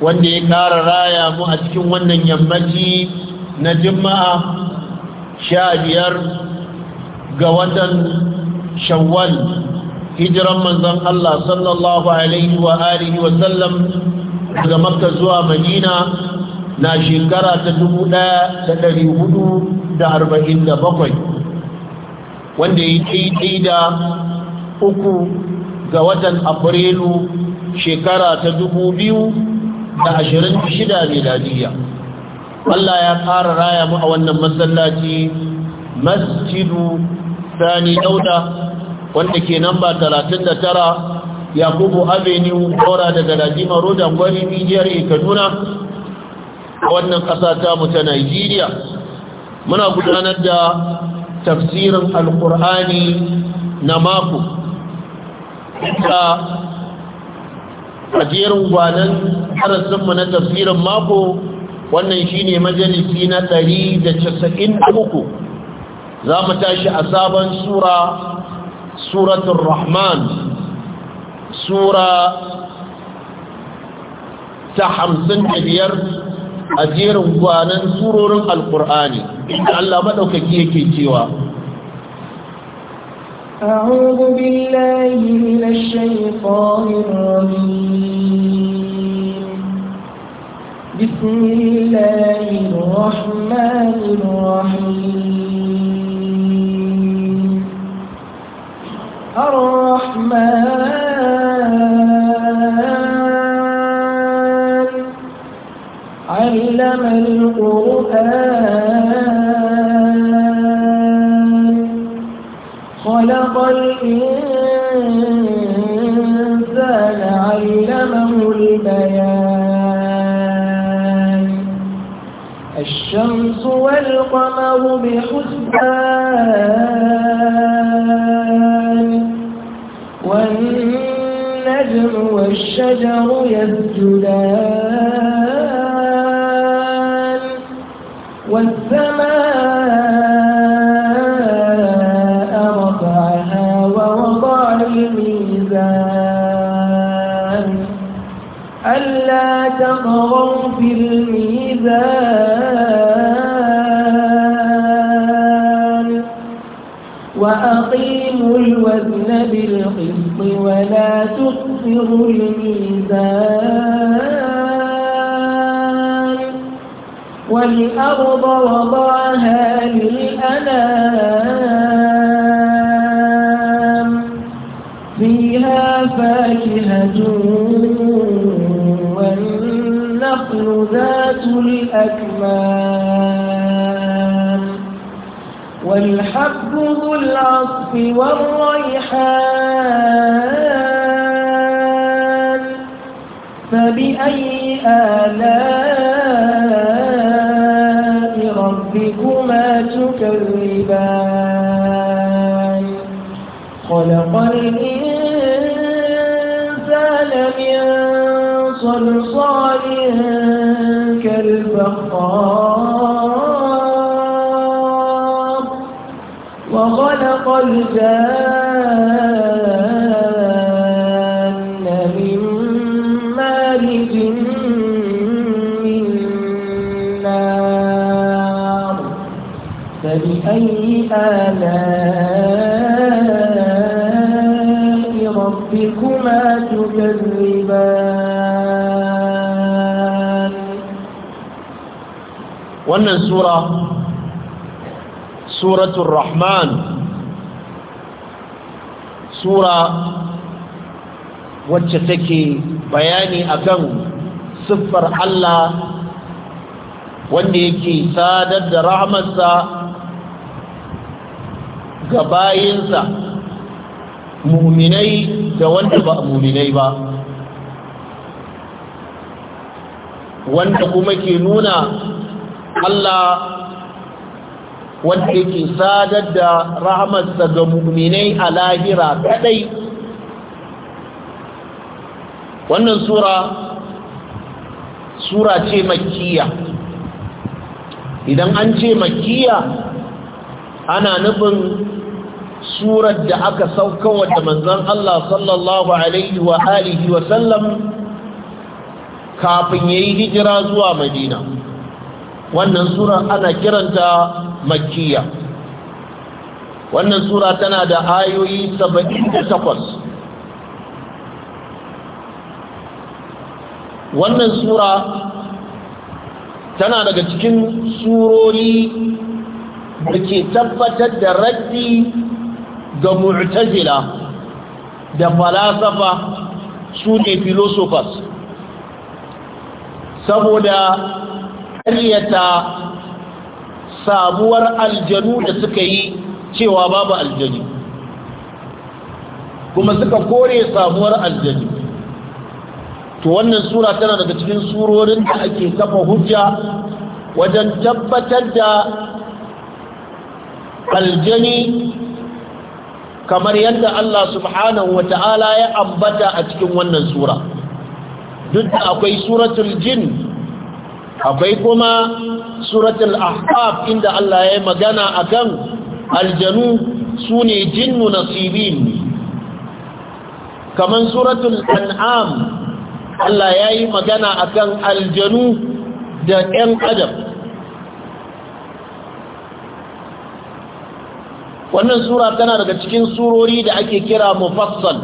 wanda ya kara raya mu a cikin wannan yammaci na juma'a sha biyar ga watan shawwal hijiran manzan Allah sallallahu alaihi wa alihi wa sallam daga makka zuwa madina na shekara ta dubu ɗaya da ɗari hudu da arba'in da bakwai wanda ya daidai da uku ga watan afrilu shekara ta dubu biyu da 26 shida Allah ya ƙara raya mu a wannan masallaci masjidu sani dauda wanda ke namba 39 yakubu avenue daura daga rajima road angwani nijiyar kaduna wannan ƙasa ta mu ta nigeria muna gudanar da tafsirin alkur'ani na mako a jerin gwanan harasinmu na tafsirin mako wannan shine majalisi na 193 za mu tashi a sabon sura suratun rahman sura ta hamsin da biyar a jerin gwanan surorin alkur'ani inda allah maɗaukaki yake cewa أعوذ بالله من الشيطان الرجيم بسم الله الرحمن الرحيم الرحمن علم القرآن خلق الإنسان علمه البيان الشمس والقمر بحسبان والنجم والشجر يسجدان والسماء ولا في الميزان وأقيموا الوزن بالقسط ولا تخسروا الميزان والأرض وضعها للأنام فيها فاكهة ذات الأكمام والحب ذو العصف والريحان فبأي آلاء ربكما تكذبان خلق الإنسان من صلصال كالفخار وخلق الجان من من نار فبأي آلام wannan sura suratul rahman sura wacce take bayani akan siffar Allah wanda yake sadar da rahmarsa ga bayinsa muminai da wanda ba muminai ba wanda kuma ke nuna Allah wanda yake sadar da rahamarsa ga mu'minai a lahira kadai wannan sura sura ce makiyya. idan an ce makiyya, ana nufin surar da aka sauka wadda manzon Allah sallallahu alaihi wa alihi wa sallam kafin yayi hijira zuwa Madina wannan sura ana kiranta makkiya wannan sura tana da ayoyi 78 wannan sura tana daga cikin surori da ke tabbatar da raddi ga mu'tazila da falasafa su ne philosophers saboda karyata samuwar aljanu da suka yi cewa babu aljanu kuma suka kore samuwar aljanu to wannan sura tana daga cikin surorin da ake kafa hujja wajen tabbatar da aljani kamar yadda Allah subhanahu wa ta'ala ya ambata a cikin wannan sura duk da akwai suratul jin akwai kuma suratul ahqaf inda Allah ya magana akan aljanu sune jinnu nasibin kaman suratul an'am Allah ya yi magana akan aljanu da 'yan adam wannan sura tana daga cikin surori da ake kira mufassal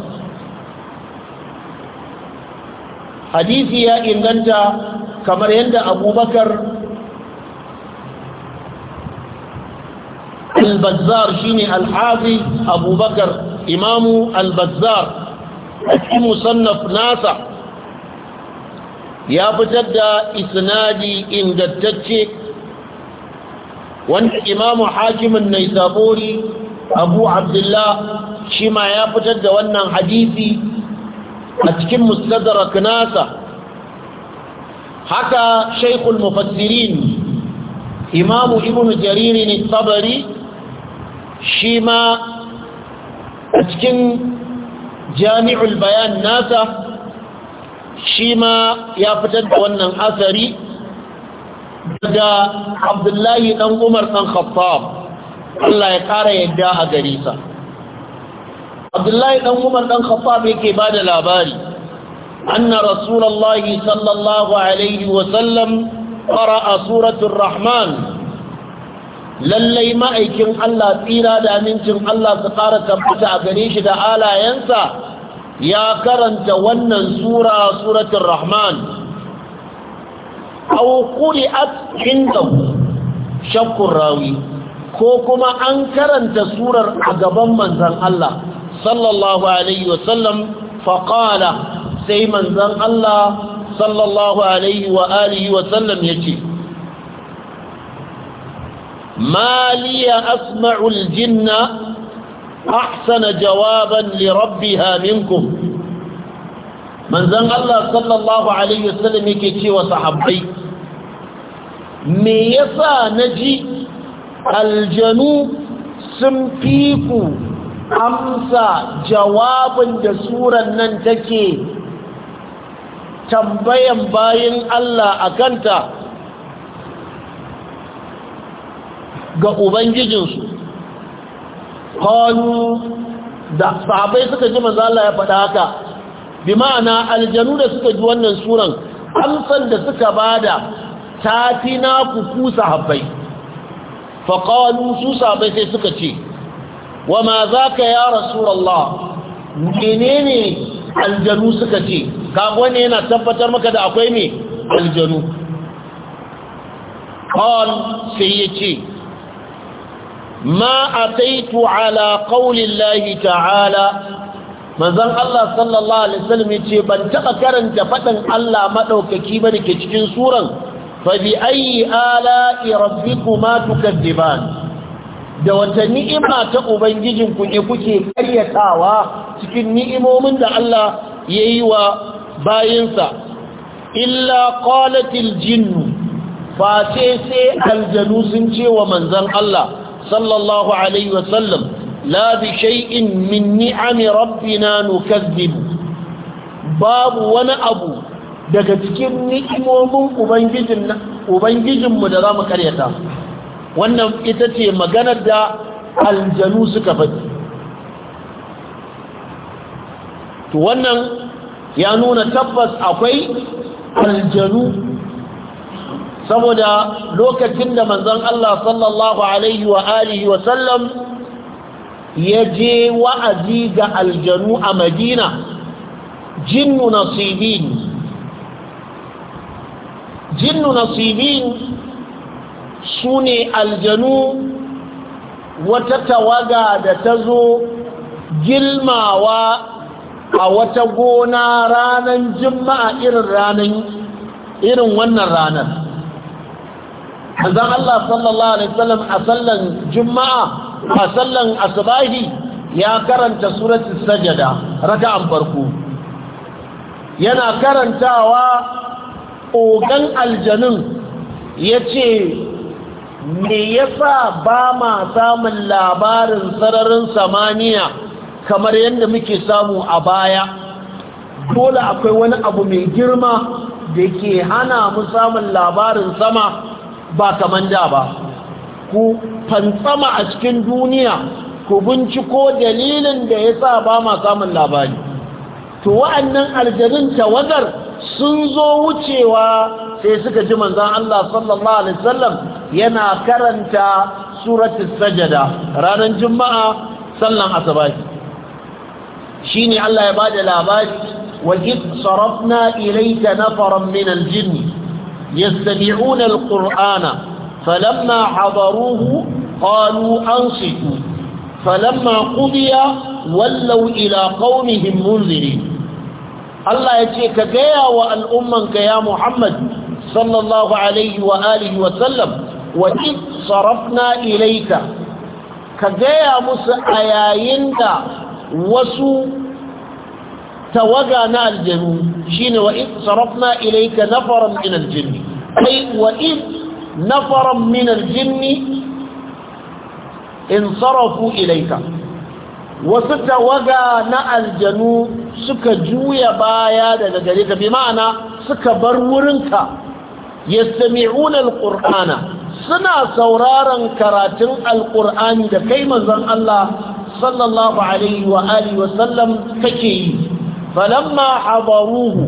hadisi ya inganta kamar yadda abubakar al shine al abubakar imamu al-bazzar musannaf nasa ya fitar da isnadi ingantacce wanda imamu hakimin naisabori abu abdullah shi ma ya fitar da wannan hadisi a cikin mustadrak nasa haka shaikhul mufassirin imamu ibn jaririn tabari shi ma cikin jami'ul bayan nasa shi ma ya fitar da wannan asari daga abdullahi ɗan umar ɗan khattab Allah ya ƙara yadda a garisa abdullahi ɗan umar ɗan khattab yake ba da labari أن رسول الله صلى الله عليه وسلم قرأ سورة الرحمن للي ما يكن الله تيرا دا منتم الله سقارة تبتع قريش دا آلا ينسى يا كرن تونا سورة سورة الرحمن أو قرأت عنده شك الراوي كوكما أنكرن تسورة عقبا من ذن الله صلى الله عليه وسلم فقال sai manzon Allah sallallahu alaihi wa alihi wa sallam yace maliya asma'ul asma'u jinna jawaban li rabbiha minkum manzon Allah sallallahu alaihi wa sallam yake cewa sahabai me yasa naji aljanu sun fiku amsa jawabin da nan take tambayan bayin Allah a kanta ga Ubangijinsu kawo da sahabai suka ji mazala ya faɗa haka bi ma'ana aljanu da suka ji wannan suran amsan da suka bada ta fi na kuku sahabai, faƙalu su sahabai sai suka ce wa ma za ka ya rasulallah menene aljanu suka ce kaga wani yana tabbatar maka da akwai ne aljanu qal sai yace ma ataitu ala qawli llahi ta'ala manzon Allah sallallahu alaihi wasallam yace ban taɓa karanta faɗin Allah madaukaki ba ke cikin suran fa bi ayi ala rabbikuma da wata ni'ima ta ubangijinku ne kuke karyatawa cikin ni'imomin da Allah ya yi wa bayinsa illa qalatil jinnu fa sai sai aljanu sun ce wa manzon Allah sallallahu alaihi wasallam la bi shay'in min ni'ami rabbina nukazzib babu wani abu daga cikin ni'imomin ubangijin ubangijinmu da zamu karyata wannan ita ce maganar da aljanu suka faɗi to wannan ya nuna tabbas akwai aljanu saboda lokacin da manzon Allah sallallahu alaihi wa alihi wa sallam ya je wa'azi ga aljanu a Madina jinnu nasibin jinnu nasibin sune aljanu wata tawaga da ta zo gilmawa a wata gona ranar juma'a irin ranar irin wannan ranar azan Allah sallallahu alaihi wasallam a sallan juma'a a sallan asbahi ya karanta suratul sajada raka'an farko yana karantawa ogan aljanun ya ce me yasa ba ma samun labarin sararin samaniya kamar yadda muke samu a baya dole akwai wani abu mai girma da ke hana mu samun labarin sama ba kaman da ba ku fantsama a cikin duniya ku binciko dalilin da ya sa ba ma samun labari to wa'annan aljarin tawazar sun zo wucewa sai suka ji manzan Allah sallallahu alaihi wasallam yana karanta suratun sajada ranar juma'a sallan asabaki shine Allah ya bada labari wajen id sarafna ilayka na min al-jinn yastami'una al-qur'ana falamma hadaruhu qalu ansitu falamma qudiya wallau ila ƙaunihin munzirin Allah yace ka gaya wa al'ummanka ya Muhammad sallallahu alaihi wa alihi wa sarafna ka gaya musu a yayin da wasu tawaga na aljanu shine wa in sarafna ilayka nafaran min aljinn ai wa in nafaran min aljinn in sarafu ilayka wasu tawaga na aljanu suka juya baya daga gare ka bi ma'ana suka bar wurinka yastami'una alqur'ana suna sauraron karatun alqur'ani da kai manzon Allah sallallahu alaihi wa alihi wa sallam take yi falamma Habaruhu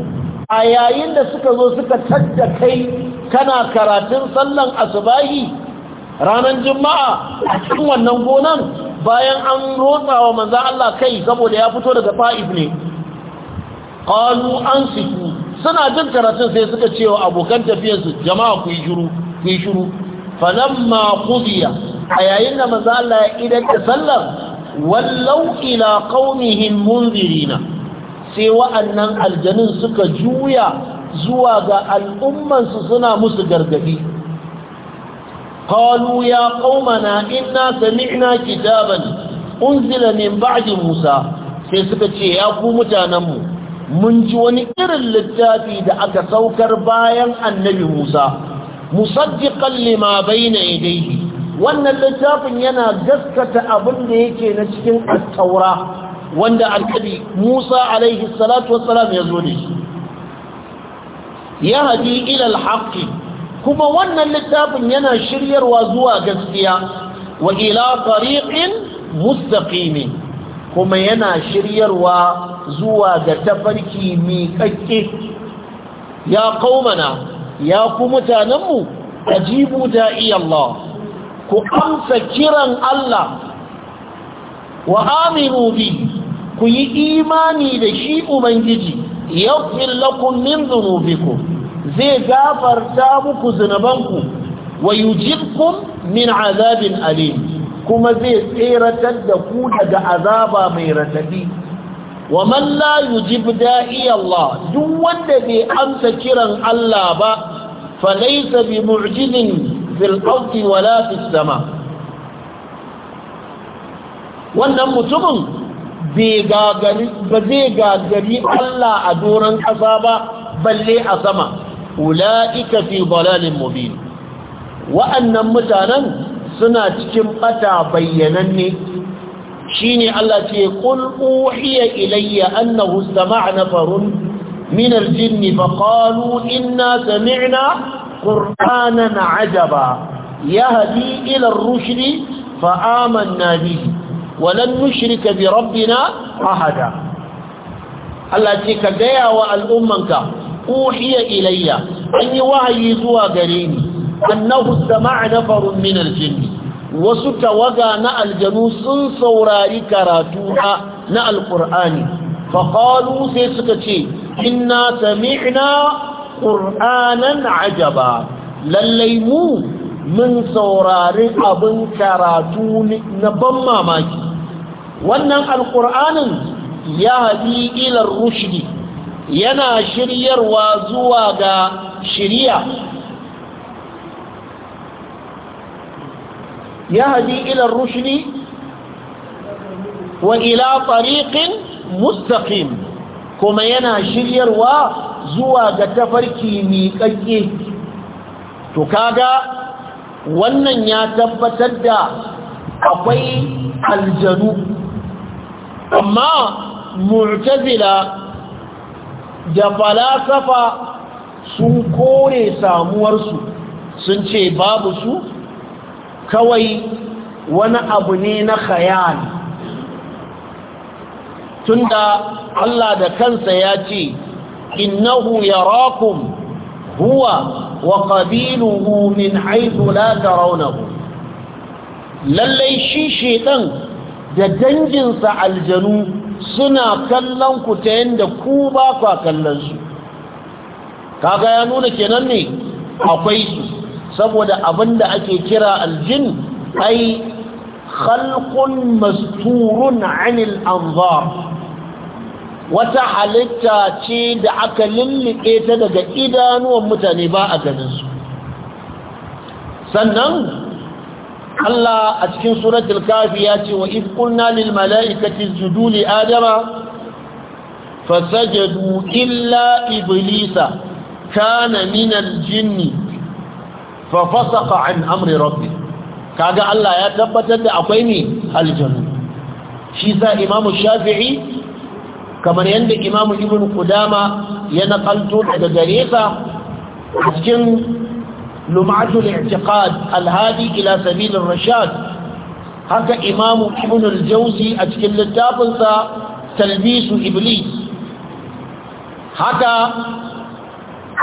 a yayin da suka zo suka tadda kai kana karatun sallan asubahi ranar juma'a a cikin wannan gonan bayan an rotsa wa manzan Allah kai saboda ya fito daga fa'if ne qalu ansitu suna jin karatun sai suka ce wa abokan tafiyarsu jama'a ku yi shiru ku yi falamma a yayin da manzan Allah ya idan da sallar wallau ila qaumihim munzirina sai wa'annan aljanun suka juya zuwa ga al'ummansu suna musu gargadi qalu ya qaumana inna sami'na kitaban unzila min ba'di musa sai suka ce ya ku mutanenmu mun ji wani irin littafi da aka saukar bayan annabi musa musaddiqan lima bayna yadayhi wannan littafin yana gaskata abin da yake na cikin attaura wanda alkadi musa alaihi salatu wassalam ya zo da shi ya haji ilal haƙi kuma wannan littafin yana shiryarwa zuwa gaskiya wa ila tariqin mustaqimin kuma yana shiryarwa zuwa ga tafarki miƙaƙƙe ya qaumana ya ku mutanenmu ajibu da'i Allah ku amsa kiran Allah wa aminu bi ku yi imani da shi ubangiji yaghfir lakum min dhunubikum zai gafarta muku zunubanku wa yujibkum min azabin alim kuma zai tseratar da ku daga azaba mai ratadi wa man la yujib da'i Allah duk wanda bai amsa kiran Allah ba falaysa bi mu'jizin fil ardi wala fis sama wannan mutumin ba zai gagari Allah a doron ƙasa ba balle a sama ula'ika fi dalalin mubin wa'annan mutanen suna cikin bata bayyananne shine Allah ce qul iya ilayya annahu istama'a nafarun min al-jinn fa sami'na qur'anan ajaba yahdi ila ar-rushd fa amanna bihi wa lan nushrika bi rabbina ahada Allah ce ka gaya wa al'ummanka uhiya ilayya an yi wahayi zuwa gare ni annahu sama'a nafarun min al-jinn wa sutawaga na al sun saurari karatu na al-qur'ani sai suka ce inna sami'na qur'anan ajaba lallai mu mun saurari abin karatu na ban mamaki wannan alqur'anin ya hadi ila rushdi yana shiryarwa zuwa ga shiriya يهدي إلى wa ila fariƙin mustaqim, kuma yana shiryarwa. zuwa ga tafarki miƙaƙƙe to kaga wannan ya tabbatar da akwai aljanu amma mu'tazila da falasafa sun kore samuwarsu sun ce babu su kawai wani abu ne na khayali tunda Allah da kansa ya ce innahu yarakum huwa wa qabiluhu min haythu la tarawnahu lallai shi shedan da danginsa aljanu suna kallon ku ta yanda ku ba kwa kallon su kaga ya nuna kenan ne akwai su saboda abinda ake kira aljin ai khalqun masturun anil anzar wata halitta ce da aka lullube ta daga idanuwan mutane ba a ganinsu sannan Allah a cikin suratul kafi ya ce wa ifkulna lil mala'ikati judu li adama fasajadu illa iblisa kana min jinni fa fasaqa an amri rabbi kaga Allah ya tabbatar da akwai ni aljanu shi sa imamu shafi'i kamar yadda imamu ibn kudama ya nakalto daga gare sa cikin lum'atul i'tiqad alhadi ila sabilir rashad haka imamu ibn al a cikin littafinsa talbisu iblis haka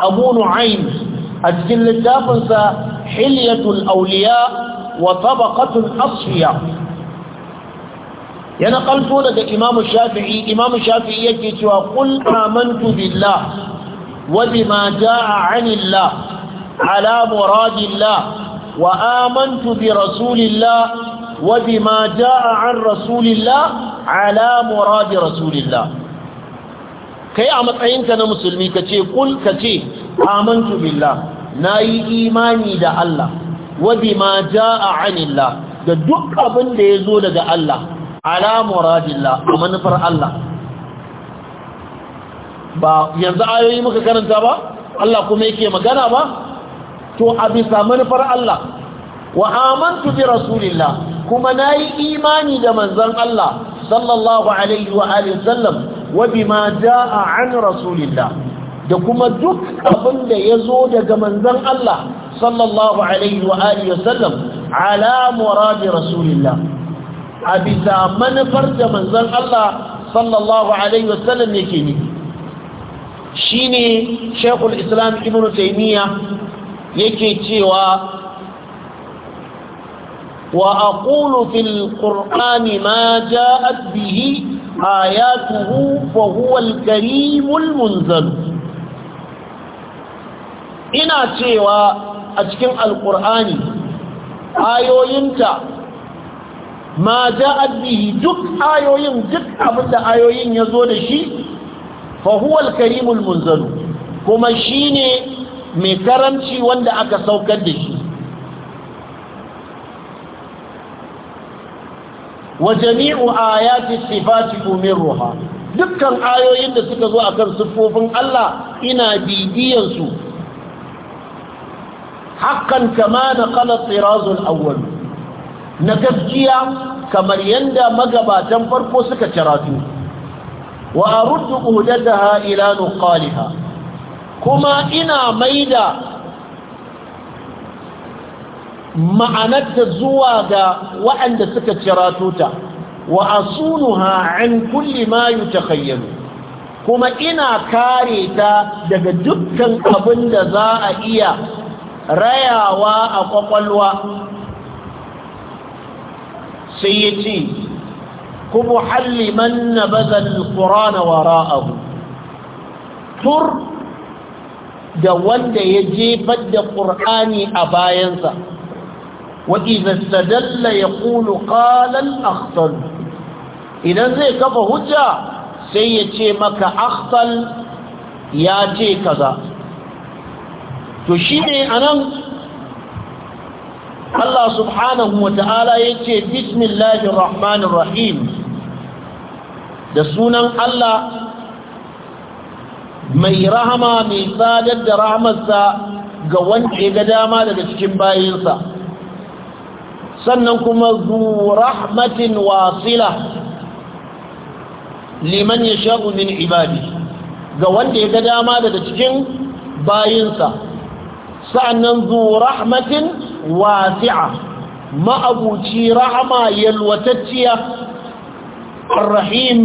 abu nu'aym a cikin littafinsa hilyatul awliya wa tabaqatul asfiya ya naƙalto daga imamu shafi'i imamu shafi'i yake cewa kul amantu billah wa bima jaa anillah ala muradillah wa amantu bi rasulillah wa bima jaa an rasulillah ala rasulillah kai a matsayinka na musulmi kace kul kace amantu billah nayi imani da Allah wa bima jaa anillah da duk abin da yazo daga Allah ala muradillah manufar Allah ba yanzu ayoyi muka karanta ba Allah kuma yake magana ba to a bisa manufar Allah wa amantu bi rasulillah kuma nayi imani da manzon Allah sallallahu alaihi wa alihi sallam wa bima jaa an rasulillah da kuma duk abin da yazo daga manzon Allah sallallahu alaihi wa alihi sallam ala muradi rasulillah a bisa manufar da manzon Allah sallallahu alaihi wasallam yake ne shine Islam Ibn Taymiyyah yake cewa wa aqulu fil qur'ani ma ja bihi ayatuhu fa huwa al-karimul munzal ina cewa a cikin alqur'ani ayoyinta ma ja'at bihi duk ayoyin duk abin da ayoyin ya zo da shi fa huwa al-karim al-munzal kuma shine mai karamci wanda aka saukar da shi wa jami'u ayati sifati umirruha dukkan ayoyin da suka zo akan siffofin Allah ina bibiyan su hakan kama da qala tirazul awwal na gaskiya kamar yadda magabatan farko suka ciratu wa aruddu uhdataha ila nuqaliha kuma ina maida ma'anarta zuwa ga waɗanda suka ciratu ta wa asunuha an kulli ma yutakhayyalu kuma ina kare ta daga dukkan abin da za a iya rayawa a kwakwalwa sai ya ce kuma halliman na bazan ƙorana wara abu tur da wanda ya jefar da ƙur'ani a bayansa wa'iza sadalla ya ƙulu ƙalan akhtal idan zai kafa hujja sai ya ce maka akhtal ya ce kaza to shi ne a nan Allah subhanahu wa ta'ala ya ce bismillahir rahmanir rahim da sunan Allah mai rahama mai sadar da rahamarsa ga wanda ya ga dama daga cikin bayinsa sannan kuma zu rahmatin wasila liman ya shagu min ibadi ga wanda ya ga dama daga cikin bayinsa sa'annan zu rahmatin واسعة ما أبو تيرعما يلوتتيا الرحيم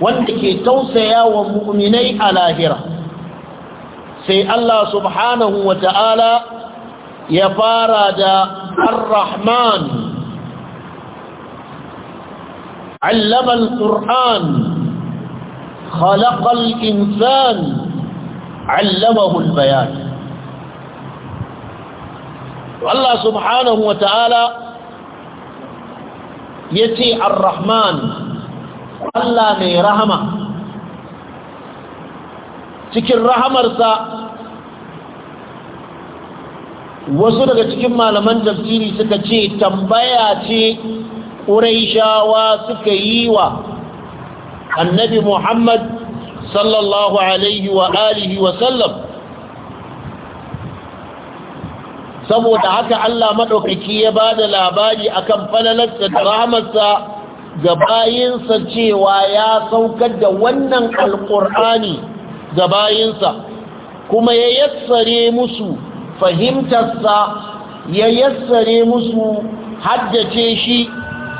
وانكي توسيا ومؤمني على هرة سي الله سبحانه وتعالى يفارد الرحمن علم القرآن خلق الإنسان علمه البيان to Allah subhanahu wa ta'ala ya ce ar-rahman Allah mai rahama cikin rahamarsa wasu daga cikin malaman tafsiri suka ce tambaya ce ƙuraishawa suka yi wa annabi muhammad sallallahu alaihi wa alihi wa sallam saboda haka Allah maɗaukaki ya ba da labari akan falalarsa da rahamarsa ga bayinsa cewa ya saukar da wannan alƙur'ani ga bayinsa kuma ya yassare musu fahimtarsa ya yassare musu haddace shi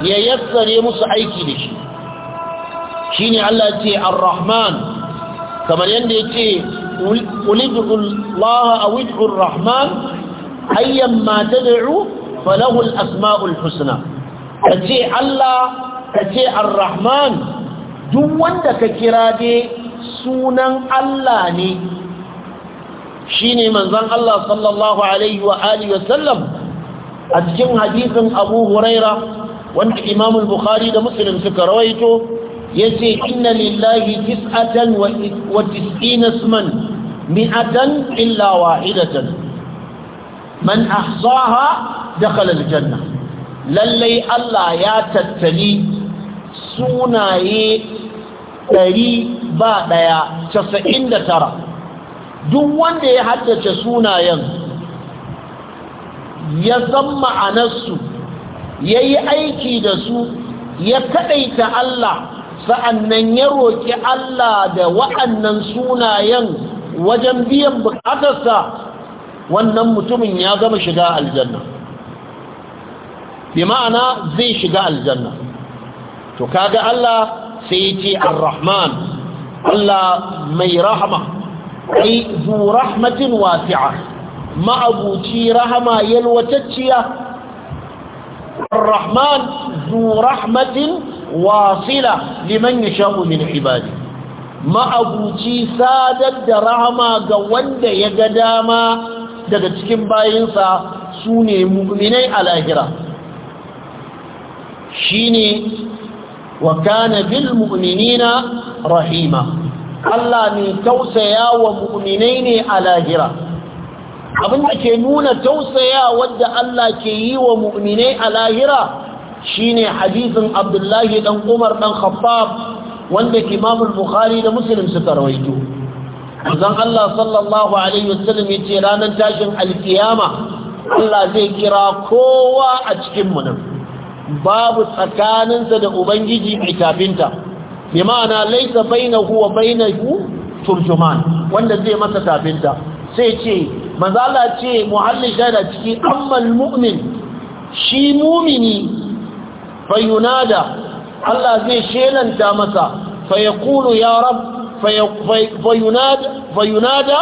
ya yassare musu aiki da shi shi ne Allah ce ar-Rahman kamar yadda ya ce ulidu a wujhur Rahman ayyan ma tad'u falahu al-asma'ul husna kace Allah kace ar-rahman duk wanda ka kira dai sunan Allah ne shine manzon Allah sallallahu alaihi wa alihi wa sallam a cikin hadisin Abu Huraira wanda Imam bukhari da Muslim suka rawaito yace inna lillahi tis'atan wa tis'ina isman mi'atan illa wahidatan man ahsaha dakhala aljanna lallai Allah ya tattali sunaye ɗari ba ɗaya casa'in da tara duk wanda ya haddace sunayen ya san ma'anarsu ya yi aiki da su ya kaɗaita Allah sa'annan ya roƙi Allah da wa'annan sunayen wajen biyan buƙatarsa wannan mutumin ya gama shiga aljanna bi ma'ana zai shiga aljanna to kaga Allah sai ce ar-rahman Allah mai rahama ai zu rahmatin wasi'a ma'abuci rahama yalwatacciya ar-rahman zu rahmatin wasila liman yasha'u min ibadi ma'abuci sadar da rahama ga wanda ya ga dama daga cikin bayinsa su ne mu'minai a lahira shi ne wa bil mu'minina rahima Allah ne tausaya wa mu'minai ne a lahira abinda ke nuna tausaya wadda Allah ke yi wa mu'minai a lahira shine hadisin Abdullahi dan Umar dan Khaffaf wanda kimamun Bukhari da Musulun suka rawaito manzon Allah sallallahu alaihi wasallam yace ranar tashin alkiyama Allah zai kira kowa a cikin mu nan babu tsakaninsa da ubangiji mai tafinta bi ma'ana laisa bainahu wa bainahu turjuman wanda zai masa tafinta sai ce manzo Allah ce muhalli shaida ciki ammal mu'min shi mu'mini fayunada Allah zai shelanta masa fayaqulu ya rabb fayunada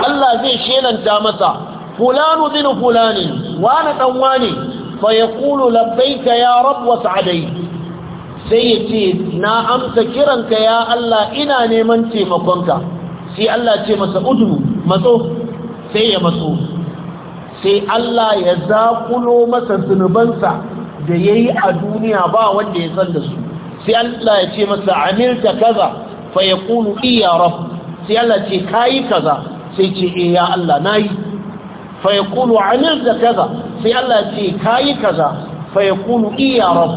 Allah zai shelanta masa fulanu bin fulani wani dan wani labbaika ya rabb wa sa'adai sai ce na amsa kiranka ya Allah ina neman taimakonka sai Allah ce masa udu matso sai ya matso sai Allah ya zakulo masa zunubansa da yayi a duniya ba wanda ya san da su sai Allah ya ce masa amilta kaza fa ya yaqulu iya rabb sai Allah ce kai kaza sai ce eh ya Allah yi fa ya yaqulu da kaza sai Allah ce kai kaza fa ya yaqulu iya rabb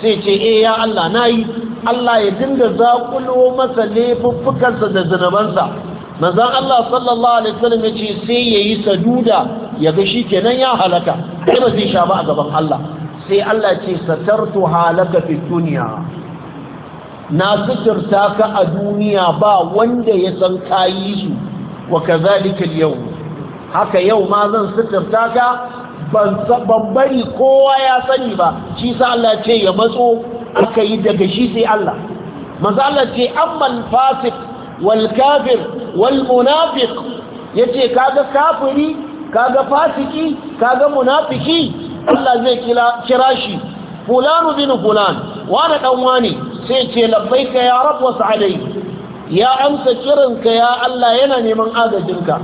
sai ce eh ya Allah yi Allah ya dinga zakulo masa laifuffukansa da zunubansa manzon Allah sallallahu alaihi wasallam yace sai yayi saduda yaga shikenan ya halaka sai ba zai sha ba a gaban Allah sai Allah ce satartu halaka fi dunya na suturta ka a duniya ba wanda ya san kayi su wa kazalika yau haka yau ma zan suturta ka ban bari kowa ya sani ba shi sa Allah ce ya matso aka yi daga shi sai Allah maza Allah ce amman fasik wal kafir wal munafiq yace kaga kafiri kaga fasiki kaga munafiki Allah zai kira shi fulanu bin fulan wani dan wani sai ce ka ya rabu wasu sa'alai ya amsa ka ya Allah yana neman agajinka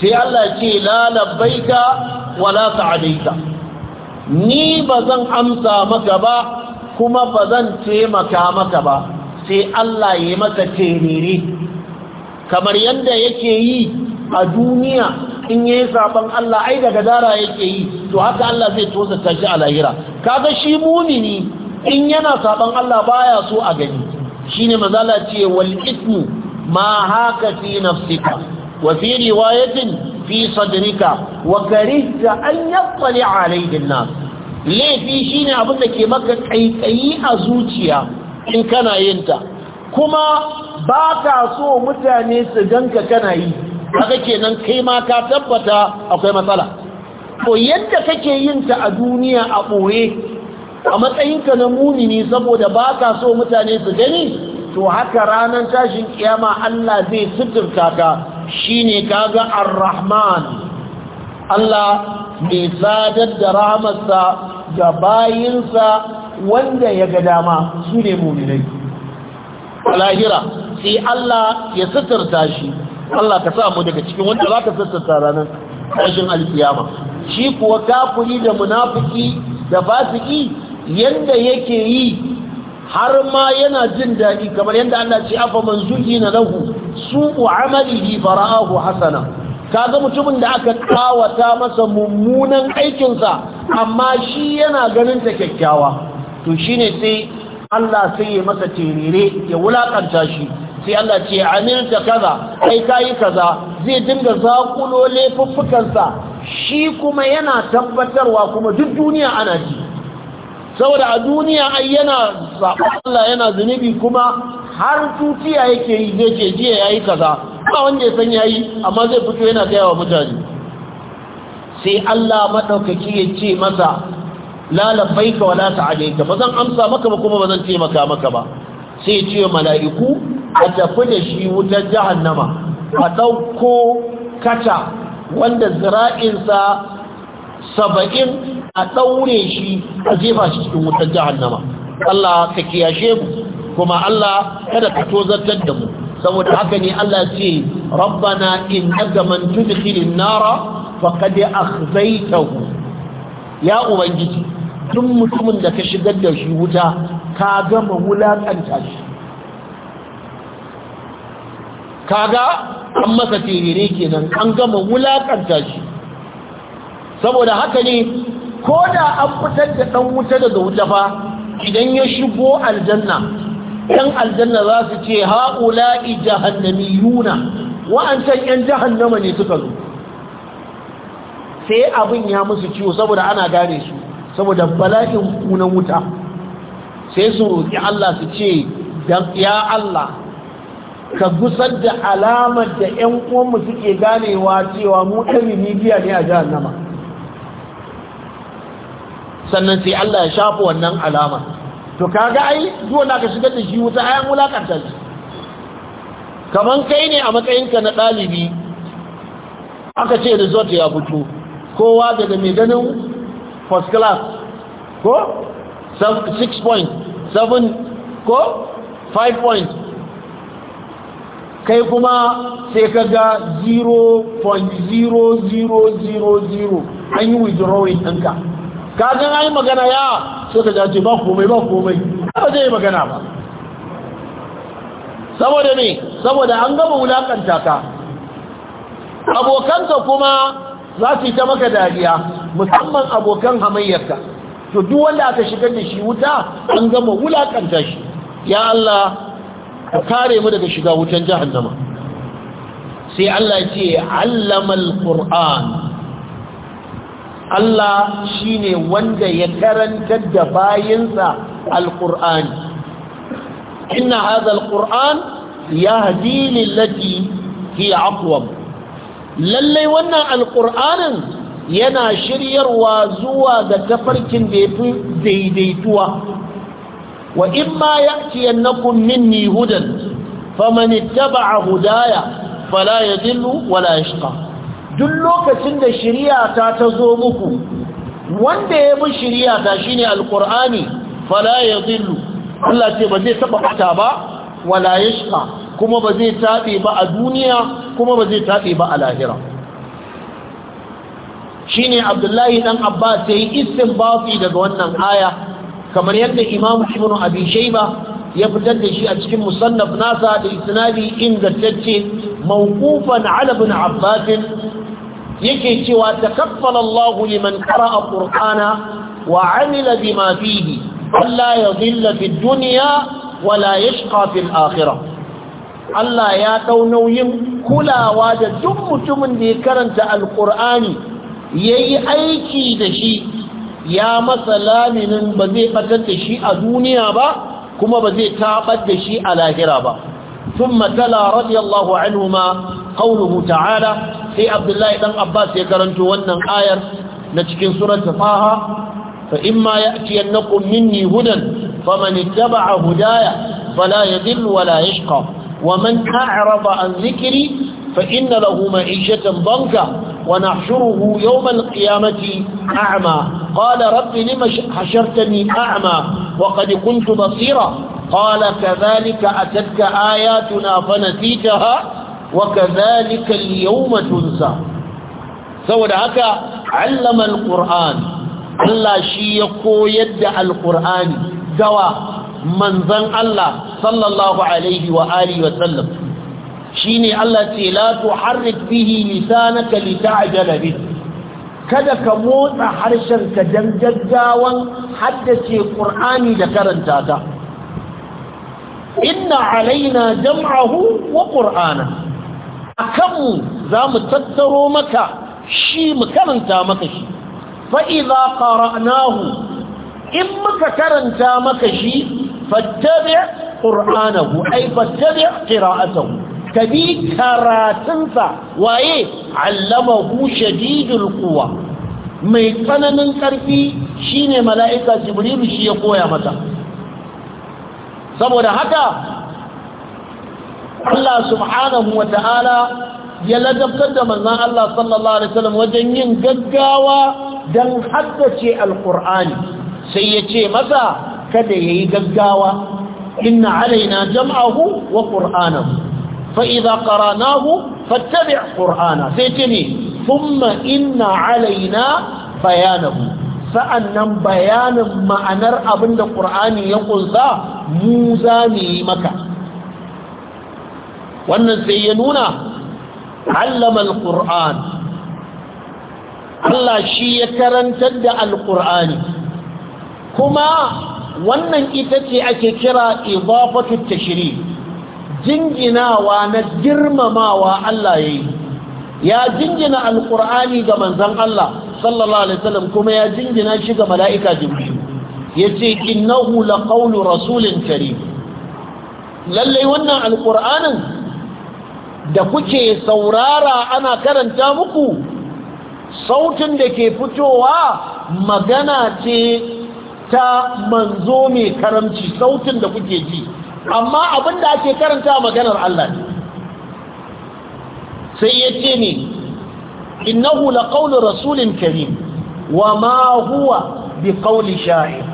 sai Allah ce la ka wa la ka. ni bazan amsa maka ba kuma bazan taimaka maka ba sai Allah ya maka taimire kamar yadda yake yi a duniya in yayi saban Allah ai daga dara yake yi to haka Allah zai tosa tashi a lahira kaga shi mumini in yana saban Allah baya so a gani shine mazala ce wal ismu ma haka fi nafsika wa fi riwayatin fi sadrika wa karihta an yattali alayhi an-nas laifi shine abin da ke maka kaikayi a zuciya in kana yin ta kuma ba ka so mutane su ganka kana yi haka kenan kai ma ka tabbata akwai matsala to yadda kake yin ta a duniya a ɓoye a matsayinka na mumini saboda ba ka so mutane su gani to haka ranar tashin kiyama Allah zai suturta ka shine kaga ar-rahman Allah mai sadar da rahamarsa ga bayinsa wanda ya ga dama su ne muminai lahira sai Allah ya suturta shi Allah ka sa mu daga cikin wanda za ka suturta ranar tashin alkiyama shi kuwa kafuri da munafiki da fasiki yanda yake yi har ma yana jin daɗi kamar yadda Allah ce afa man na lahu su'u amalihi fara'ahu hasana kaga mutumin da aka kawata masa mummunan aikinsa amma shi yana ganin ta kyakkyawa to shine sai Allah sai ya masa tirire ya wulakanta shi sai Allah ce amilta kaza kai kayi kaza zai dinga zakulo laifuffukansa shi kuma yana tabbatarwa kuma duk duniya ana ji saboda a duniya ai yana zaɓa Allah yana zunubi kuma har tutiya yake yi zai ce jiya ya kaza ba wanda ya san ya amma zai fito yana gaya wa mutane sai Allah maɗaukaki ya ce masa lalafai ka wala ta'adai ka ba zan amsa maka ba kuma ba zan taimaka maka ba sai ce mala'iku a tafi da shi wutar jahannama a ɗauko kata wanda zira'insa saba'in a ɗaure shi a jefa shi cikin wutar jahannama Allah ka kiyashe mu kuma Allah kada ka tozartar da mu saboda haka ne Allah ce rabbana innaka man tudkhilin nara faqad akhzaytahu ya ubangiji duk mutumin da ka shigar da shi wuta ka gama wulakanta shi kaga an masa tirire kenan an gama wulakanta shi saboda haka ne ko da an fitar da ɗan wuta daga wuta fa idan ya shigo aljanna ɗan aljanna za su ce ha'ula'i yuna, wa'ancan 'yan jahannama ne suka zo sai abin ya musu ciwo saboda ana gane su saboda bala'in kunan wuta sai su roƙi Allah su ce ya Allah ka gusar da alamar da 'yan uwanmu suke ganewa cewa mu ɗan biya ne a jihar nama. sannan sai Allah ya shafa wannan alama to kaga ai zuwa da ka shigar da shi wuta a'yan an shi kaman kai ne a matsayinka na ɗalibi aka ce resort ya fito kowa daga mai ganin first class ko 6 point 7 ko 5 point kai kuma sai ka ga 0.0000 an yi withdrawing ɗinka ka ga yi magana ya So ka jace ba komai ba komai ba zai magana ba saboda ne saboda an gama wulakanta ka abokanka kuma za su yi ta maka dariya musamman abokan hamayyarka to duk wanda aka shigar da shi wuta an gama wulakanta shi ya Allah ka kare mu daga shiga wutan jahannama sai Allah ya ce allamal qur'an Allah shine wanda ya karantar da bayinsa alqur'ani inna hadha ya yahdi Ladi hi akwam. Lallai wannan Alƙur'anin yana shiryarwa zuwa ga tafarkin da yafi daidaituwa wa imma ya'tiyannakum minni hudan taba a hudaya fala dillu wala yashqa duk lokacin da shirya ta ta zo muku wanda ya bi shirya ta shine Alkur'ani fala yadhillu Allah ce ba zai taba bata ba wala yashqa kuma ba zai tabe ba a duniya kuma ba zai tabe ba a lahira shine Abdullahi dan yi yayi bafi daga wannan aya kamar yadda Imam Ibn Abi ya fitar da shi a cikin musannaf nasa da isnadi ingantacce mawqufan ala ibn yake cewa takaffala Allah liman qara'a al-Qur'ana wa 'amila bima fihi ya dilla fi ad-dunya wa la yashqa fi al-akhirah Allah ya dau nauyin kulawa da duk mutumin da ya karanta al-Qur'ani yayi aiki da shi ya masa laminin ba zai batar da shi a duniya ba kuma ba zai tabar da shi a lahira ba ثم تلا رضي الله عنهما قوله تعالى sai abdullahi dan abbas ya karanto wannan ayar na cikin suratun faha fa imma ya ake yana kuminni hudan fa mani taba a hudaya bala la yi zin wa la wa man ka'ara ba an zikiri fa ina lahuma ishetan banka wa na shuruhu yau mal kiyamati ƙa'ama ƙada rabbi ne hashartani ƙa'ama wa kadi kuntu basira ƙada ka zalika a tattaka ayatuna fa na titaha وكذلك اليوم تنسى saboda haka allama alquran Allah shi ya koyar da alqurani gawa manzon Allah sallallahu alaihi wa alihi wa sallam shine Allah ce la tuharrik bihi lisanaka lita'jala bih kada ka motsa harshenka dan gaggawan haddace qur'ani da karanta ta inna alaina jam'ahu wa qur'ana a kanmu za mu tattaro maka shi mu karanta maka shi fa'iza ƙara'anahu in muka karanta maka shi fattabi ƙur'anahu ai fattabi ƙira'atahu ka bi karatunsa waye allamahu shadidul kuwa mai tsananin ƙarfi shine mala'ika jibrilu shi ya koya mata saboda haka Allah subhanahu wa ta'ala ya ladabtar da manzan Allah sallallahu Alaihi wasallam wajen yin gaggawa don haddace Alƙur'ani sai ya ce masa kada ya yi gaggawa inna alaina jam'ahu wa ƙur'anahu fa'iza ƙaranahu fattabi ƙur'ana sai ce ne thumma inna alaina bayanahu sa'annan bayanin ma'anar abinda ƙur'ani ya ƙunsa mu za mu yi maka wannan sai ya nuna allama alquran Allah shi ya karantar da Alƙur'ani. kuma wannan ita ce ake kira idafatu tashri jinginawa na girmamawa Allah yayi ya jingina Alƙur'ani ga manzon Allah sallallahu alaihi wasallam kuma ya jingina shi ga mala'ika jibril yace innahu laqawlu rasulin karim lalle wannan Alƙur'anin? da kuke saurara ana karanta muku sautin da ke fitowa magana ce ta manzo mai karamci sautin da kuke ji amma abin da ake karanta maganar Allah ne sai ya ce ne innahu la qawlu rasulin karim wa ma huwa bi qawli sha'ir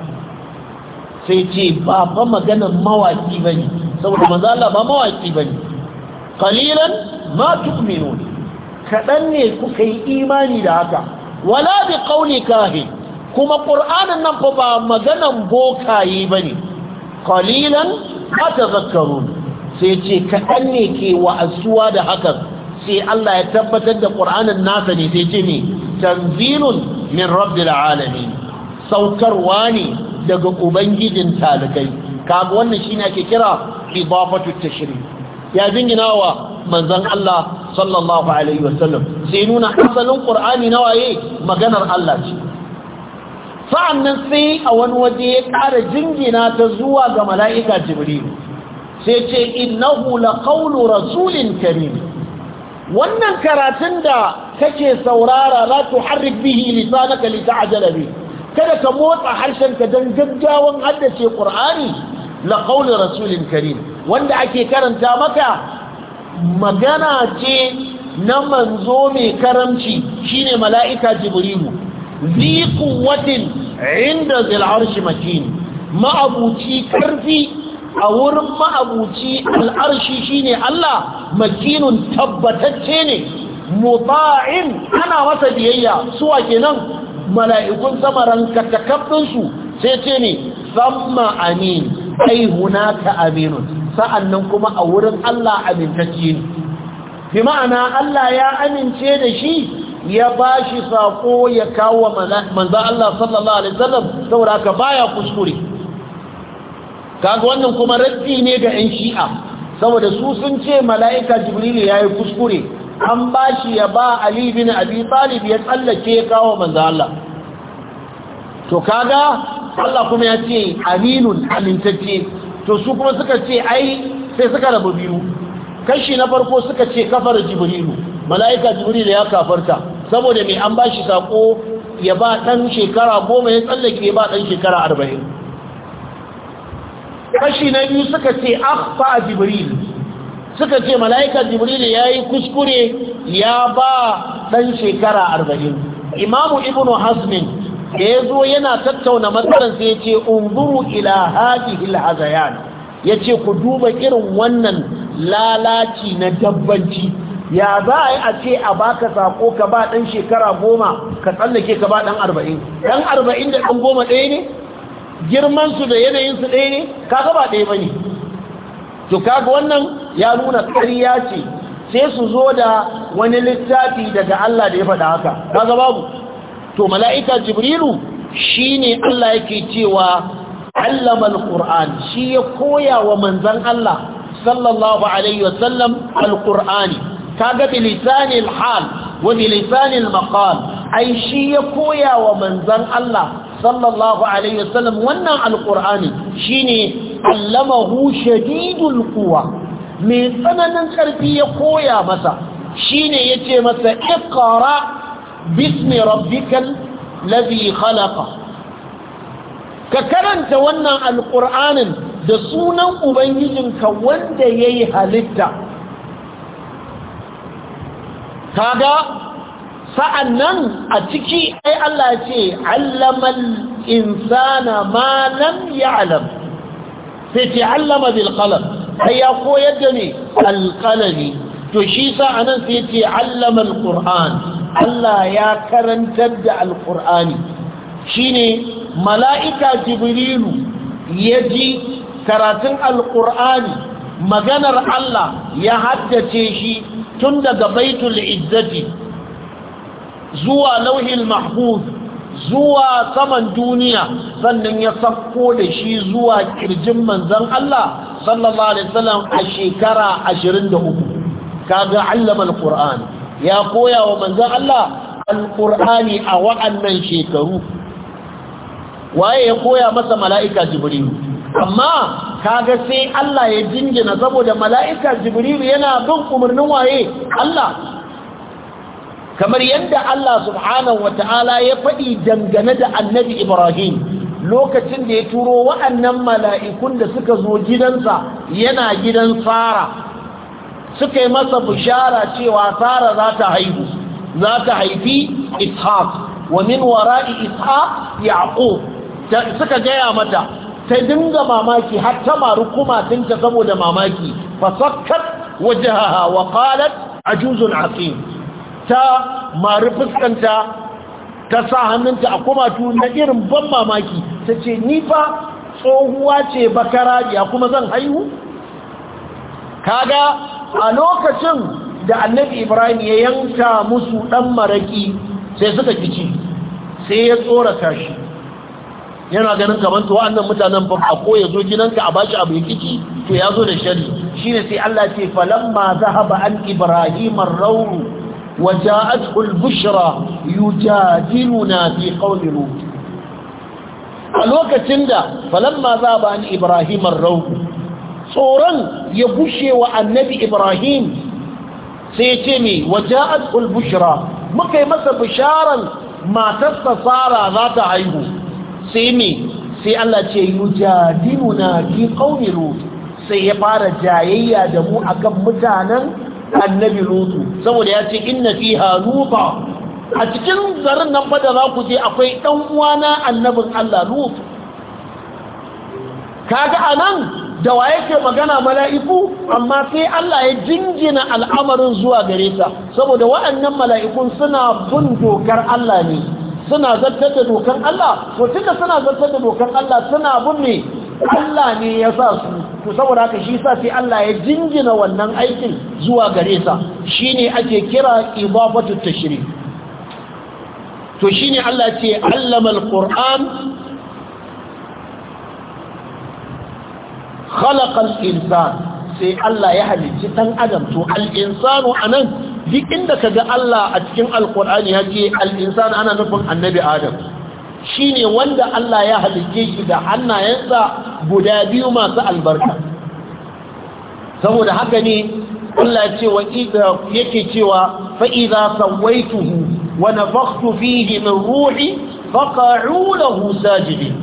sai ce ba fa maganar mawaki bane saboda manzo Allah ba mawaki bane qalilan ma tu'minun kadan ne kuka yi imani da haka wala bi qawli kahin kuma qur'anin nan fa ba maganan bokaye bane qalilan ma tadhakkarun sai ce kadan ne ke wa'azuwa da hakan sai Allah ya tabbatar da qur'anin nasa ne sai ce ne tanzilun min rabbil alamin saukarwa ne daga ubangijin talikai kaga wannan shine ake kira idafatu tashrif ya jingina wa manzon Allah sallallahu alaihi wasallam sai nuna asalin ƙur'ani na waye maganar Allah ce sa'annan sai a wani waje ya ƙara jingina ta zuwa ga mala'ika jibril sai ce innahu laqawlu rasulin karim wannan karatun da kake saurara la tuharrik bihi lisanaka lita'jala bihi kada ka motsa harshenka don gaggawan haddace ƙur'ani laqawlu rasulin karim wanda ake karanta maka magana ce na manzo mai karamci shine mala'ika jibrilu Ziku, quwwatin inda zil arshi ma'abuci karfi a wurin ma'abuci al'arshi shine Allah makinun tabbatacce ne muta'in ana masa biyayya suwa kenan mala'ikun sama rankatakabbinsu sai ce ne samma amin ai hunaka aminun sa'annan kuma a wurin Allah amintacce ne bi ma'ana Allah ya amince da shi ya ba shi sako ya kawo manza Allah sallallahu alaihi wasallam saboda haka baya kuskure kaga wannan kuma raddi ne ga 'yan shi'a saboda su sun ce mala'ika jibrilu yayi kuskure an bashi ya ba Ali bin Abi Talib ya tsallake ya kawo manza Allah to kaga Allah kuma ya ce aminun amintacce to su kuma suka ce ai sai suka rabu biyu kashi na farko suka ce kafar jibrilu mala'ika jibrilu ya kafarta saboda mai an bashi sako ya ba ɗan shekara 10 ya tsallake ya ba ɗan shekara arba'in kashi na biyu suka ce akfa jibrilu suka ce mala'ika jibrilu ya kuskure ya ba ɗan shekara arba'in imamu ibnu hasmin da ya zo yana tattauna matsalar sai ya ce unguru ila hadihi alhazayan ya ce ku duba irin wannan lalaci na dabbanci ya za a yi a ce a baka sako ka ba ɗan shekara goma ka tsallake ka ba ɗan arba'in ɗan arba'in da ɗan goma ɗaya ne girmansu da yanayinsu ɗaya ne kaga ba ɗaya ba ne to kaga wannan ya nuna ƙarya ce sai su zo da wani littafi daga Allah da ya faɗa haka kaga babu to mala'ika jibrilu shine Allah yake cewa allama alquran shi ya koya wa manzan Allah sallallahu alaihi wasallam alqurani ta ga lisani alhal wa bi lisani ai shi ya koya wa manzan Allah sallallahu alaihi wasallam wannan ne shine allamahu shadidul quwa mai tsananin ƙarfi ya koya masa shi ya yace masa ikara bismi rabbikal ladhi khalaqa ka karanta wannan alqur'anin da sunan ubangijinka wanda yayi halitta kaga sa'an nan a ciki ai Allah ce allamal insana ma lam ya'lam sai ce allama bil qalam ai ya koyar da ne alqalami to shi sa'an nan sai ce allama alqur'an Allah ya karantar da Alƙur'ani shine mala'ika jibrilu ya ji karatun Alƙur'ani maganar Allah ya haddace shi tun daga baitul izzati zuwa lauhin mahfuz zuwa saman duniya sannan ya sako da shi zuwa kirjin manzon Allah sallallahu alaihi wasallam a shekara 23 kaga allama alkur'ani ya koya wa manzan Allah alƙur'ani a waɗannan shekaru waye ya koya masa mala'ika jibrilu amma kaga sai Allah ya jingina saboda mala'ika jibrilu yana bin umarnin waye Allah kamar yadda Allah subhanahu wata'ala ya faɗi dangane da annabi Ibrahim lokacin da ya turo wa'annan mala'ikun da suka zo gidansa yana gidan Sara suka yi masa bishara cewa sara za ta haihu za ta haifi ishaq wa min wara'i ishaq yaqub suka gaya mata ta dinga mamaki har ta maru kumatinta saboda mamaki fasakkat wajahaha wa qalat ajuzun aqim ta maru fuskanta ta sa hannunta a kumatu na irin ban mamaki ta ce ni fa tsohuwa ce bakara ya kuma zan haihu kaga a lokacin da annabi ibrahim ya yanka musu ɗan maraƙi sai suka kici sai ya tsorata shi yana ganin kamar to wa'annan mutanen ba a ko zo gidanka a bashi abu ya kici to ya zo da shari shine sai Allah ce falamma zahaba an ibrahim ar wa bushra yujadiluna fi qawli lut a lokacin da falamma zahaba an ibrahim ar tsoron ya bushe wa annabi ibrahim sai ce mai waja'at ulbushra muka yi masa bisharan matarsa tsara za ta haihu sai mai sai Allah ce na fi qaumi sai ya fara jayayya da mu akan mutanen annabi lutu saboda ya ce inna fiha luta a cikin zarin nan fa da za ku je akwai ɗan uwana annabin Allah lutu kaga anan da wa yake magana mala'iku amma sai Allah ya jingina al'amarin zuwa gare ta saboda wa'annan mala'ikun suna bin dokar Allah ne suna zartar da dokar Allah to tunda suna zartar da dokar Allah suna bin ne Allah ne ya sa su to saboda haka shi sa sai Allah ya jingina wannan aikin zuwa gare Shi ne ake kira ibafatu tashri to ne Allah ce allama quran khalaqal insan sai Allah ya halicci dan adam to al'insanu insanu anan duk inda kaga Allah a cikin Alƙur'ani yake al insan ana nufin annabi adam shine wanda Allah ya halicce shi da hannayensa guda biyu masu albarka saboda haka ne Allah ce wa yake cewa fa idza sawaituhu wa nafakhtu fihi min ruhi faqa'u lahu sajidin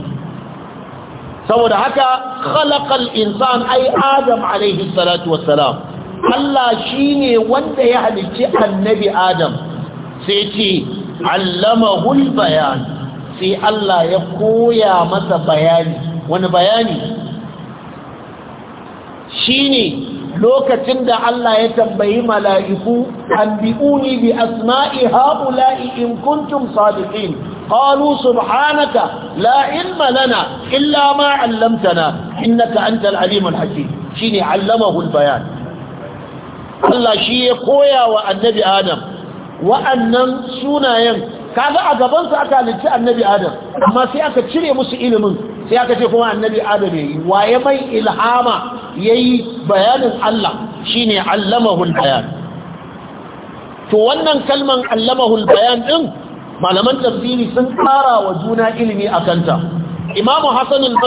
saboda haka khalaqal insan ai adam alaihi salatu wassalam Allah shine wanda ya halicci annabi adam sai ce allamahul sai Allah ya koya masa bayani wani bayani shine lokacin da Allah ya tambayi mala'iku an bi asma'i haula'i in kuntum sadiqin قالوا سبحانك لا علم لنا إلا ما علمتنا إنك أنت العليم الحكيم شيني علمه البيان الله شيء قويا والنبي آدم وأنن سنايا kaga a gaban aka halicci annabi adam amma sai aka cire musu ilimin sai aka ce kuma annabi adam yayi waye mai ilhama yayi bayanin Allah shine allamahu albayan to wannan kalman allamahu hulbayan ɗin. malaman tafsiri sun kara wa juna ilimi a kanta imamu hassan al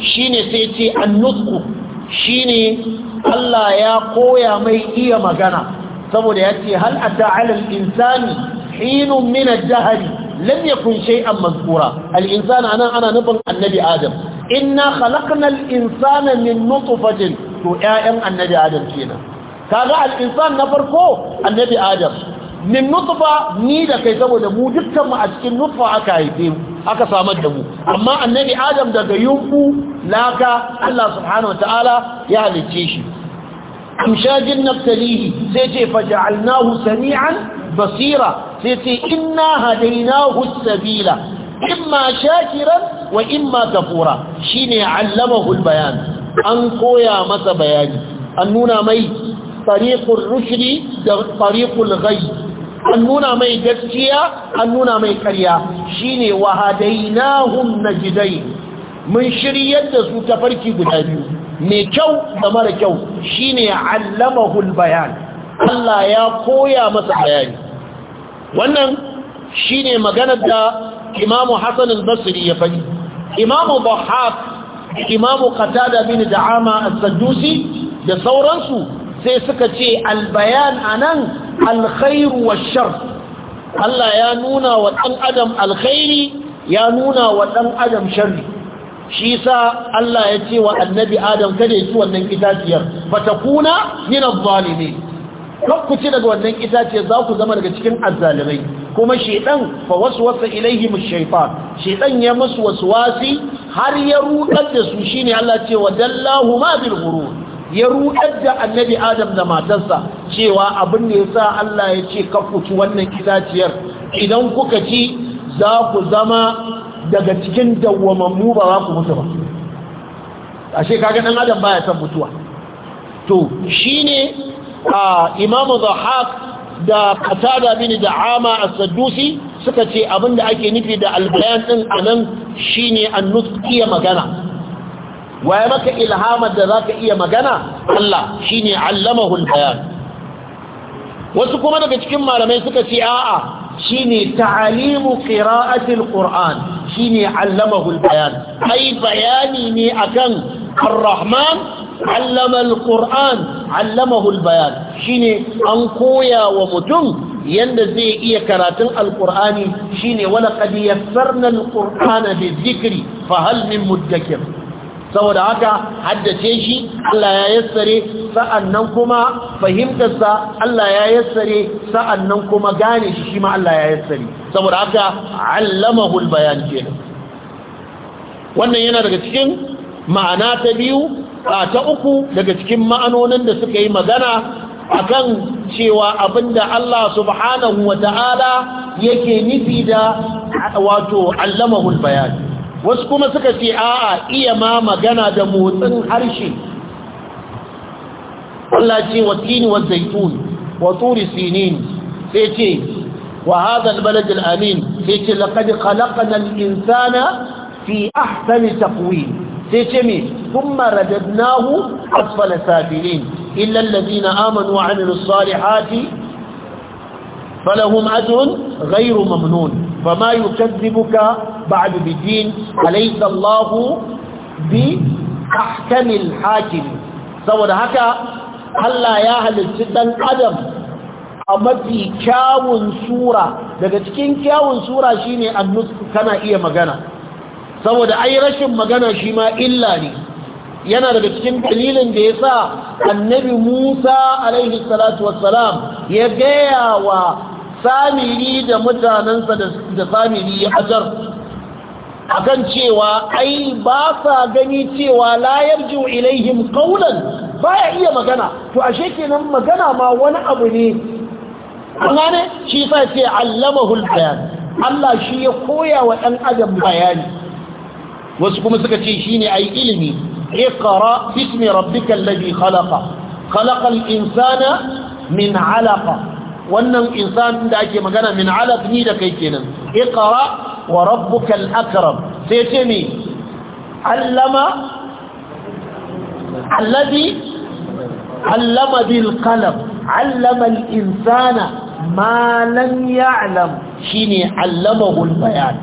shine sai ce annusku shine Allah ya koya mai iya magana saboda ya ce hal ata alal insani hinun min ad-dahr lam yakun shay'an ana nufin annabi adam inna khalaqna al-insana min nutfatin to 'ya'yan annabi adam kenan kaga al-insan na farko annabi adam min nutfa ni da kai saboda mu dukkan mu a cikin nutfa aka haife mu aka samar da mu amma annabi adam daga yunku laka Allah subhanahu wataala ya halicce shi amshajin naftalihi sai ce faja'alnahu sami'an basira sai ce inna hadainahu sabila imma shakiran wa imma kafura shine allamahu albayan an koya masa bayani an nuna mai tariqul rushdi da tariqul ghayb an nuna mai gaskiya an nuna mai karya shine wahadainahum najdai mun shiryar da su tafarki guda biyu mai kyau da mara kyau shine allamahul bayan Allah ya koya masa bayani wannan shine maganar da Imam Hassan al-Basri ya faɗi Imam Dhahhak Imam Qatada bin Da'ama as-Saddusi da sauransu sai suka ce al-bayan anan alkhairu wa shar Allah ya nuna wa ɗan adam alkhairi ya nuna wa ɗan adam sharri shi sa Allah ya ce wa annabi adam kada ya ci wannan itaciyar ba ta kuna min ne. zalimin ku ci daga wannan itaciyar za ku zama daga cikin azzalimai kuma shedan fa waswasa ilaihim ash-shaytan shedan ya musu waswasi har ya rudar da su shine Allah ce wa dallahu ma bil ghurur ya rudar da annabi adam da matarsa cewa abin da ya sa Allah ya ce kafuci wannan itaciyar idan kuka ci za ku zama daga cikin dawwamammu ba za ku mutu ba ashe kaga ɗan adam baya san mutuwa to shine imamu zahaq da qatada bin da'ama a saddusi suka ce abin da ake nufi da albayan nan anan shine an-nutqiya magana waye maka ilhamar da zaka iya magana Allah ne allamahul bayan wasu kuma daga cikin malamai suka ce a'a shine ta'alimu qira'atil qur'an ne allamahul bayan ai bayani ne akan ar-rahman allama alquran allamahu shi ne an koya wa mutum yanda zai iya karatun alqurani shine wala qad yassarna alqurana bizikri fa hal min mudakkir saboda haka haddace shi Allah ya yassare sa'annan kuma fahimtarsa Allah ya yassare sa'annan kuma gane shi shi ma Allah ya yassare saboda haka allamahu albayan wannan yana daga cikin ma'ana ta biyu ta uku daga cikin ma'anonin da suka yi magana akan cewa abinda Allah subhanahu wa ta'ala yake nufi da wato allamahul bayani wasu kuma suka ce a'a iya ma magana da motsin harshe Allah ce wa tini wa zaitun wa turi sinin sai ce wa hadha albalad amin. sai ce laqad khalaqna insana fi ahsani taqwim sai ce me thumma radadnahu asfala safilin illa alladhina amanu wa amilus salihati فلهم أجر غير ممنون فما يكذبك بعد بالدين أليس الله بأحكم الحاكم saboda haka Allah ya halicci ɗan adam a mafi kyawun sura daga cikin kyawun sura shine annus kana iya magana saboda ai rashin magana shi ma illa ne yana daga cikin dalilin da ya sa annabi Musa alaihi salatu wassalam ya gaya wa samiri da mutanensa da samiri ya a akan cewa ai ba sa gani cewa la yarju ilaihim ba baya iya magana to ashe kenan magana ma wani abu ne an gane shi sa ce allamahu albayan Allah shi ya koya wa ɗan adam bayani wasu kuma suka ce shine yi ilimi iqra bismi rabbikal ladhi khalaqa khalaqa al-insana min 'alaqa wannan insan da ake magana min alaf ni da kai kenan iqra wa rabbuka al-akram sai ce ni allama alladhi allama bil qalam allama al-insana ma lam ya'lam shine allamahu al-bayan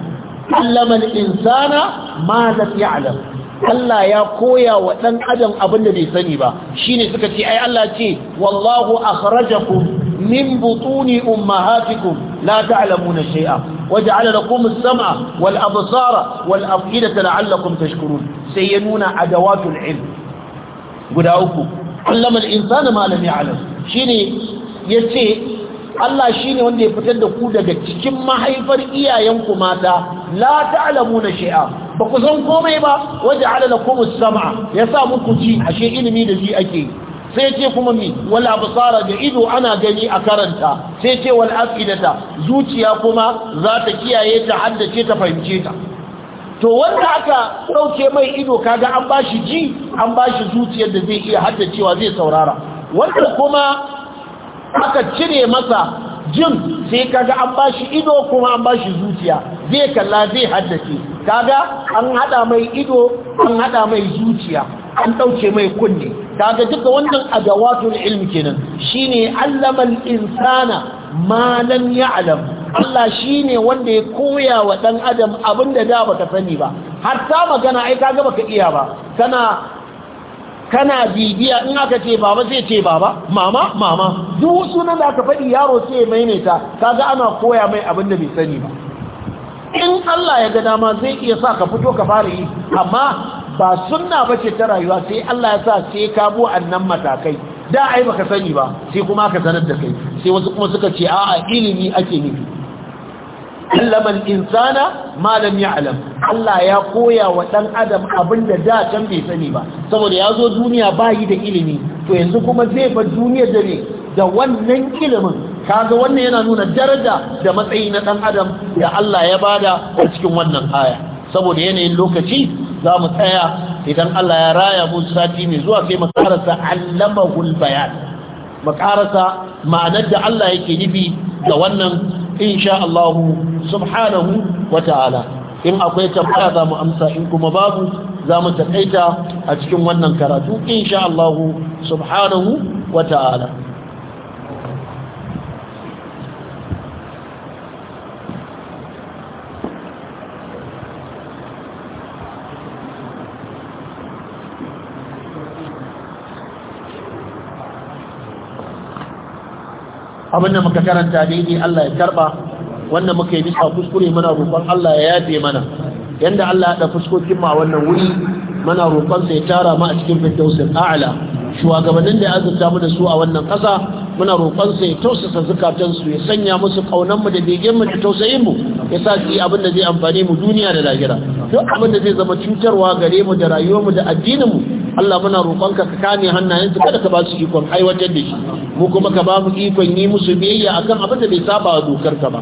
allama al-insana ma lam ya'lam Allah ya koya wa ɗan adam abin da bai sani ba shine suka ce ai Allah ce wallahu akhrajakum min butuni ummahatikum la ta'lamuna shay'a waj'ala lakum as-sam'a wal absara wal af'idata la'allakum tashkurun sai ya nuna adawatul ilm guda uku allama al-insana ma lam ya'lam shine yace Allah shine wanda ya fitar da ku daga cikin mahaifar iyayenku mata la ta'lamuna shay'a ba ku san komai ba waje alala kuma sama ya sa muku ci ashe ilimi da ji ake sai ce kuma mi wal absara da ido ana gani a karanta sai ce wal afidata zuciya kuma za ta kiyaye ta haddace ta fahimce ta to wanda aka dauke mai ido kaga an bashi ji an bashi zuciyar da zai iya haddacewa zai saurara wanda kuma aka cire masa jin sai kaga an bashi ido kuma an bashi zuciya zai kalla zai haddace kaga an hada mai ido an hada mai zuciya an ɗauke mai Ta ga duka wannan adawatul ilmi kenan shine allamal insana ma lam ya'lam Allah shine wanda ya koya wa dan adam abinda da baka sani ba hatta magana ai kaga baka iya ba kana kana bibiya in aka ce baba zai ce baba mama mama duk sunan da aka faɗi yaro sai ya maimaita kaga ana koya mai abin da bai sani ba in Allah ya ga dama zai iya sa ka fito ka fara yi amma ba sunna ba ce ta rayuwa sai Allah ya sa sai ka annan matakai da ai baka sani ba sai kuma ka sanar da kai sai wasu kuma suka ce a'a ilimi ake nufi allaman insana ma ya ya'lam Allah ya koya wa ɗan adam abin da da can bai sani ba saboda ya zo duniya bayi da ilimi to yanzu kuma zai bar duniyar da ne da wannan ilimin kaga wannan yana nuna daraja da matsayi na ɗan adam da Allah ya bada a cikin wannan aya saboda yanayin lokaci za mu tsaya idan Allah ya raya mu sati mai zuwa sai mu karasa allamahul bayan mu ma'anar da Allah yake nufi da wannan insha Allah subhanahu wa ta'ala in akwai tambaya za mu amsa in kuma babu za mu taƙaita a cikin wannan karatu insha Allah subhanahu wa ta'ala abinda muka karanta daidai Allah ya karba wannan muka yi bisa kuskure muna roƙon Allah ya yafe mana yanda Allah ya da fuskokin mu a wannan wuri muna roƙon sa ya tara mu a cikin firdausul a'ala. shugabannin da ya azurta mu da su a wannan ƙasa muna roƙon sa ya tausasa zukatan su ya sanya musu kaunan mu da begen mu da tausayin mu ya sa su yi abin da zai amfane mu duniya da lahira duk abin da zai zama cutarwa gare mu da rayuwar mu da addinin mu Allah muna roƙon ka kame hannayensu kada ka ba su ikon aiwatar da shi mu kuma ka ba mu ikon yi musu biyayya akan abin da bai saba wa dokar ka ba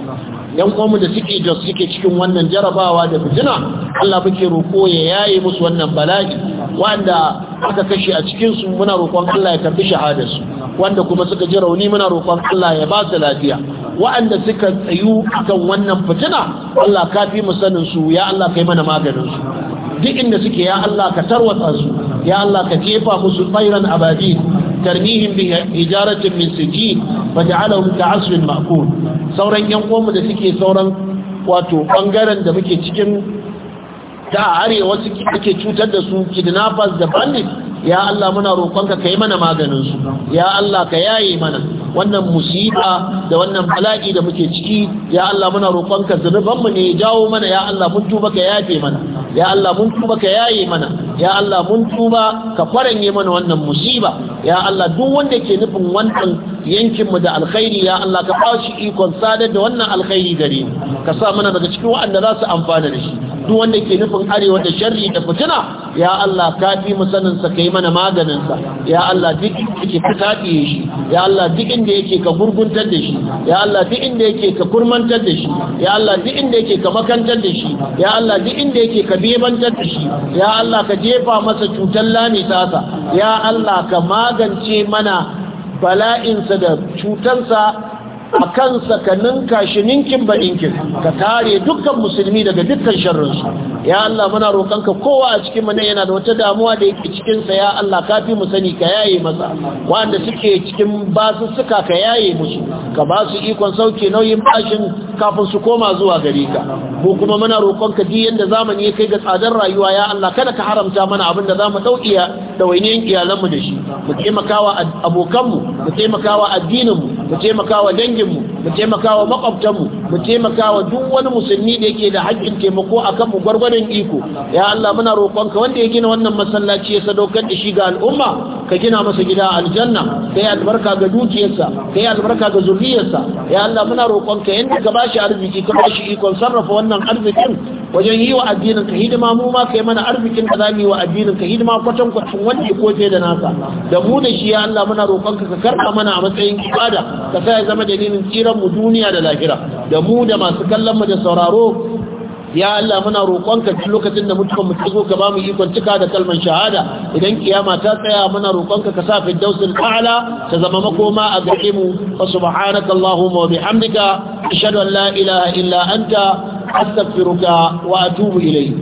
yan uwanmu da suke jos suke cikin wannan jarabawa da fitina Allah muke roƙo ya yaye musu wannan bala'i wanda aka kashe a cikin su muna roƙon Allah ya karbi shahadar su wanda kuma suka ji rauni muna roƙon Allah ya ba su lafiya wa'anda suka tsayu akan wannan fitina Allah ka fi mu sanin su ya Allah kai mana maganin su duk inda suke ya Allah ka tarwatsa su ya Allah ka jefa musu tsairan abadin tarmihim bi hijaratin min sijil ta ka'asfin ma'kul sauran yan uwanmu da suke sauran wato bangaren da muke cikin ta arewa suke ake cutar da su kidnappers da bandits ya Allah muna roƙonka ka yi mana maganin su ya Allah ka yaye mana wannan musiba da wannan bala'i da muke ciki ya Allah muna roƙonka zunuban mu ne jawo mana ya Allah mun tuba ka yafe mana ya Allah mun tuba ka yaye mana ya Allah mun tuba ka faranye mana wannan musiba ya Allah duk wanda ke nufin wannan yankin mu da alkhairi ya Allah ka bashi ikon sadar da wannan alkhairi gare mu ka sa mana daga cikin waɗanda za su amfana da shi duk wanda ke nufin arewa da sharri da fitina ya Allah ka fi mu sanin sa kai mana maganin sa ya Allah duk yake ka tafiye shi ya Allah duk inda yake ka gurguntar da shi ya Allah duk inda yake ka kurmantar da shi ya Allah duk inda yake ka makantar da shi ya Allah duk inda yake ka bebantar da shi ya Allah ka jefa masa cutar lami tasa ya Allah ka magance mana bala'insa da cutarsa a kansa ka ninka shi ninkin ba ka kare dukkan musulmi daga dukkan sharrinsu ya Allah muna roƙonka kowa a cikin mu yana da wata damuwa da yake cikin sa ya Allah ka fi mu sani ka yaye masa wanda suke cikin basu suka ka yaye musu ka ba su ikon sauke nauyin bashin kafin su koma zuwa gare ka mu kuma muna roƙonka duk yanda zamani ya kai ga tsadar rayuwa ya Allah kada ka haramta mana abin da zamu dauki da wainiyan iyalanmu da shi mu taimakawa abokanmu mu taimakawa mu mu taimaka wa danginmu mu taimakawa makwabtanmu mu taimakawa duk wani musulmi da yake da haƙƙin taimako akan kanmu gwargwadon iko ya Allah muna roƙonka wanda ya gina wannan masallaci ya sadaukar da shi ga al'umma ka gina masa gida aljanna kai albarka ga dukiyarsa kai albarka ga zuriyarsa ya Allah muna roƙonka yanda ka bashi arziki ka bashi ikon sarrafa wannan arzikin wajen yi wa addinin ka hidima mu ma kai mana arzikin da zamu yi wa addinin ka hidima kwatan kwatan wanda ko da naka. da mu da shi ya Allah muna roƙonka ka ka mana a matsayin ibada ka sa ya zama dalilin tsira mu duniya da lahira da mu da masu kallon mu da sauraro ya Allah muna roƙonka duk lokacin da mutukan mu tazo ka bamu ikon cika da kalman shahada idan kiyama ta tsaya muna roƙonka ka sa fi dausul a'la ta zama makoma a gare mu fa subhanaka allahumma wa bihamdika ashhadu an la ilaha illa anta astaghfiruka wa atubu ilayk